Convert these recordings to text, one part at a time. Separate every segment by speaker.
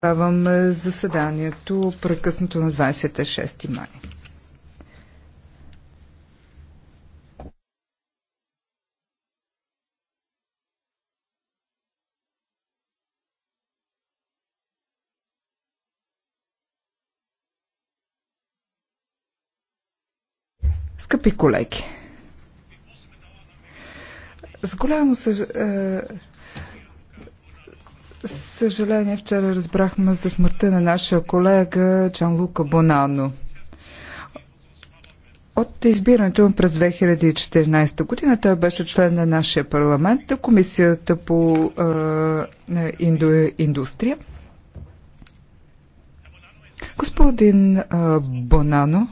Speaker 1: Продължаваме заседанието прекъснато на 26 май. Скъпи колеги, с голямо съжаление, Съжаление, вчера разбрахме за смъртта на нашия колега Джан Лука Бонано. От избирането му през 2014 година той беше член на нашия парламент, на Комисията по е, инду, индустрия. Господин е, Бонано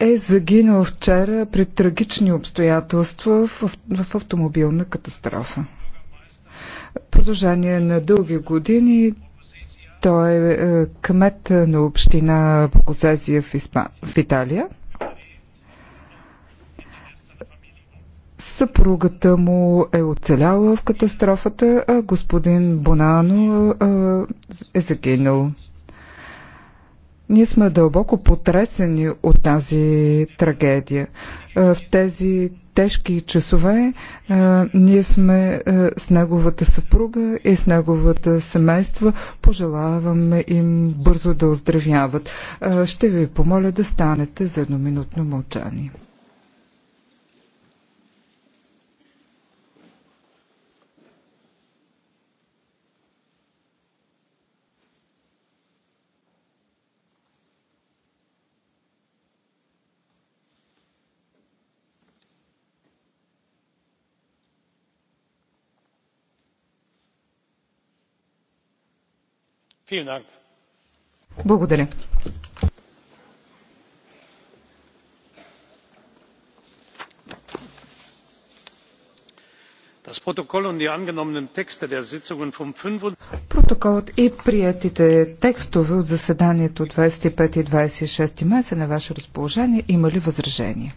Speaker 1: е, е загинал вчера при трагични обстоятелства в, в автомобилна катастрофа продължение на дълги години той е, е кмет на община Бокозезия в, Испа... в Италия. Съпругата му е оцеляла в катастрофата, а господин Бонано е загинал. Ние сме дълбоко потресени от тази трагедия. В тези тежки часове а, ние сме а, с неговата съпруга и с неговата семейство. Пожелаваме им бързо да оздравяват. А, ще ви помоля да станете за едноминутно мълчание. Благодаря. Протоколът и приятите текстове от заседанието 25 и 26 май са на ваше разположение. Има ли възражение?